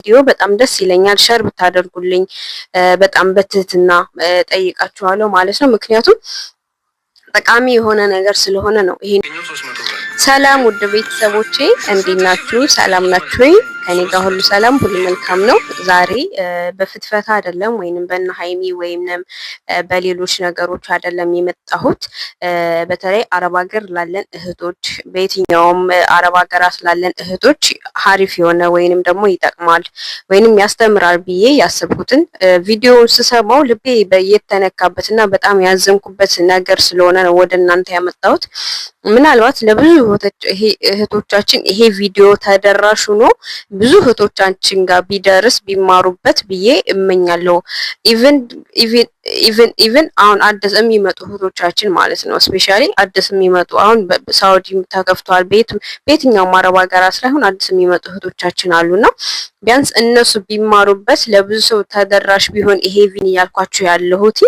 ቪዲዮ በጣም ደስ ይለኛል። ሸር ብታደርጉልኝ በጣም በትህትና ጠይቃችኋለሁ ማለት ነው። ምክንያቱም ጠቃሚ የሆነ ነገር ስለሆነ ነው። ይሄ ሰላም ውድ ቤተሰቦቼ እንዴት ናችሁ? ሰላም ናችሁ? ከኔ ጋር ሁሉ ሰላም፣ ሁሉ መልካም ነው። ዛሬ በፍትፈታ አይደለም ወይንም በእነ ሀይሚ ወይንም በሌሎች ነገሮች አይደለም የመጣሁት። በተለይ አረብ ሀገር ላለን እህቶች፣ በየትኛውም አረብ ሀገራት ላለን እህቶች ሀሪፍ የሆነ ወይንም ደግሞ ይጠቅማል ወይንም ያስተምራል ብዬ ያሰብኩትን ቪዲዮውን ስሰማው ልቤ የተነካበት እና በጣም ያዘንኩበት ነገር ስለሆነ ነው ወደ እናንተ ያመጣሁት። ምናልባት ለብዙ እህቶቻችን ይሄ ቪዲዮ ተደራሽ ሆኖ ብዙ እህቶቻችን ጋር ቢደርስ ቢማሩበት ብዬ እመኛለሁ። ኢቨን ኢቨን ኢቨን አሁን አዲስ የሚመጡ እህቶቻችን ማለት ነው ስፔሻሊ አዲስ የሚመጡ አሁን ሳውዲ ተከፍተዋል ቤት በየትኛውም አረብ ሀገራት ሳይሆን አዲስ የሚመጡ እህቶቻችን አሉና ቢያንስ እነሱ ቢማሩበት ለብዙ ሰው ተደራሽ ቢሆን ይሄ ቪን እያልኳችሁ ያለሁት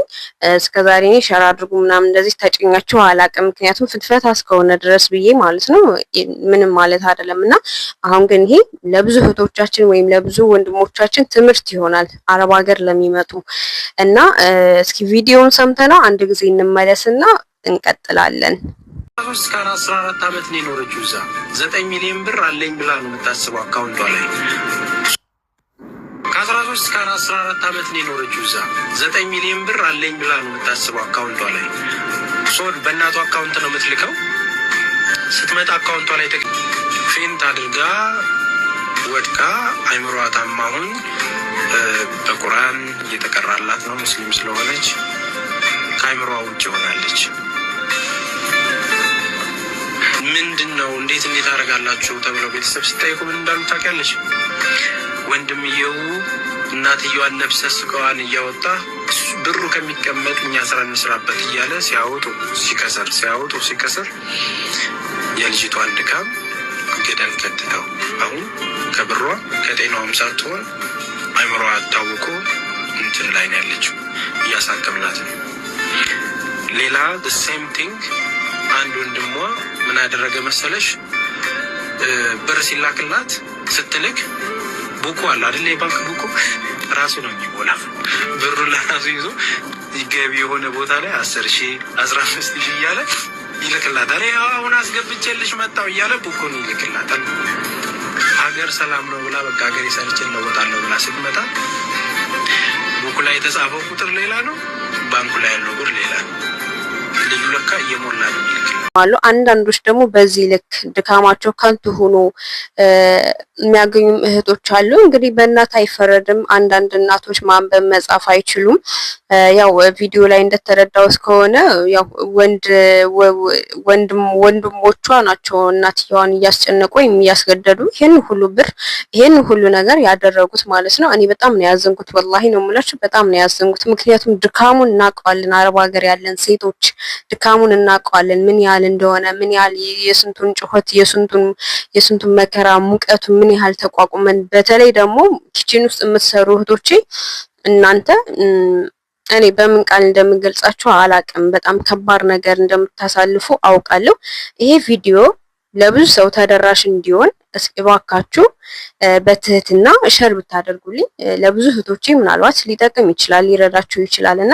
እስከዛሬ እኔ ሸር አድርጉ ምናምን እንደዚህ ተጭኛችሁ አላቅም። ምክንያቱም ፍትፈታ እስከሆነ ድረስ ብዬ ማለት ነው ምንም ማለት አይደለም እና አሁን ግን ይሄ ለብዙ እህቶቻችን ወይም ለብዙ ወንድሞቻችን ትምህርት ይሆናል አረብ ሀገር ለሚመጡ እና እስኪ ቪዲዮን ሰምተነው አንድ ጊዜ እንመለስና እንቀጥላለን። እስከ አስራ አራት ዓመት ነው የኖረችው እዛ። ዘጠኝ ሚሊዮን ብር አለኝ ብላ ነው የምታስበው አካውንቷ ላይ ከአስራ ሶስት እስከ አስራ አራት ዓመት ነው የኖረችው እዛ። ዘጠኝ ሚሊዮን ብር አለኝ ብላ ነው የምታስበው አካውንቷ ላይ ሶድ በእናቱ አካውንት ነው የምትልከው። ስትመጣ አካውንቷ ላይ ፌንት አድርጋ ወድቃ አይምሯ ታማሁን በቁርአን እየተቀራላት ነው። ሙስሊም ስለሆነች ከአይምሯ ውጭ ሆናለች። ምንድን ነው እንዴት እንዴት አደርጋላችሁ ተብለው ቤተሰብ ሲጠይቁ ምን እንዳሉ ታውቂያለች? ወንድምየው እናትየዋን ነፍሰ ስጋዋን እያወጣ ብሩ ከሚቀመጥ እኛ ስራ እንስራበት እያለ ሲያወጡ ሲከሰር ሲያወጡ ሲከሰር የልጅቷን ድካም ገደል ከትተው አሁን ከብሯ ከጤናውም ሳትሆን አይምሮ አታውቆ እንትን ላይ ነው ያለችው፣ እያሳከምናት ነው። ሌላ ሴም ቲንግ አንድ ወንድሟ ምን ያደረገ መሰለሽ? ብር ሲላክላት ስትልክ ቡኩ አለ አደለ፣ የባንክ ቡኩ ራሱ ነው የሚሞላ ብሩ ለራሱ ይዞ ገቢ የሆነ ቦታ ላይ አስር ሺ አስራ አምስት ሺ እያለ ይልክላታል። አሁን አስገብቼልሽ መጣው እያለ ቡኩን ይልክላታል። ሀገር ሰላም ነው ብላ በቃ ሀገር የሰርች እንለወጣለሁ ብላ ስትመጣ ቡኩ ላይ የተጻፈው ቁጥር ሌላ ነው፣ ባንኩ ላይ ያለው ብር ሌላ ነው። ልዩ ለካ እየሞላ ነው አሉ። አንዳንዶች ደግሞ በዚህ ልክ ድካማቸው ከንቱ ሆኖ የሚያገኙም እህቶች አሉ። እንግዲህ በእናት አይፈረድም። አንዳንድ እናቶች ማንበብ መጻፍ አይችሉም። ያው ቪዲዮ ላይ እንደተረዳው ከሆነ ያው ወንድሞቿ ናቸው እናትየዋን እያስጨነቁ ወይም እያስገደዱ ይህን ሁሉ ብር ይህን ሁሉ ነገር ያደረጉት ማለት ነው። እኔ በጣም ነው ያዘንኩት፣ ወላሂ ነው የምላችሁ፣ በጣም ነው ያዘንኩት። ምክንያቱም ድካሙን እናውቀዋለን። አረብ ሀገር ያለን ሴቶች ድካሙን እናውቀዋለን፣ ምን ያህል እንደሆነ ምን ያህል የስንቱን ጩኸት የስንቱን የስንቱን መከራ ሙቀቱ ምን ያህል ተቋቁመን በተለይ ደግሞ ኪችን ውስጥ የምትሰሩ እህቶቼ እናንተ እኔ በምን ቃል እንደምገልጻችሁ አላቅም። በጣም ከባድ ነገር እንደምታሳልፉ አውቃለሁ። ይሄ ቪዲዮ ለብዙ ሰው ተደራሽ እንዲሆን እባካችሁ በትህትና ሸር ብታደርጉልኝ ለብዙ እህቶቼ ምናልባት ሊጠቅም ይችላል፣ ሊረዳችሁ ይችላል እና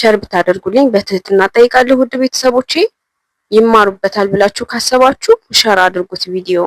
ሸር ብታደርጉልኝ በትህትና ጠይቃለሁ። ውድ ቤተሰቦቼ ይማሩበታል ብላችሁ ካሰባችሁ ሸር አድርጉት ቪዲዮ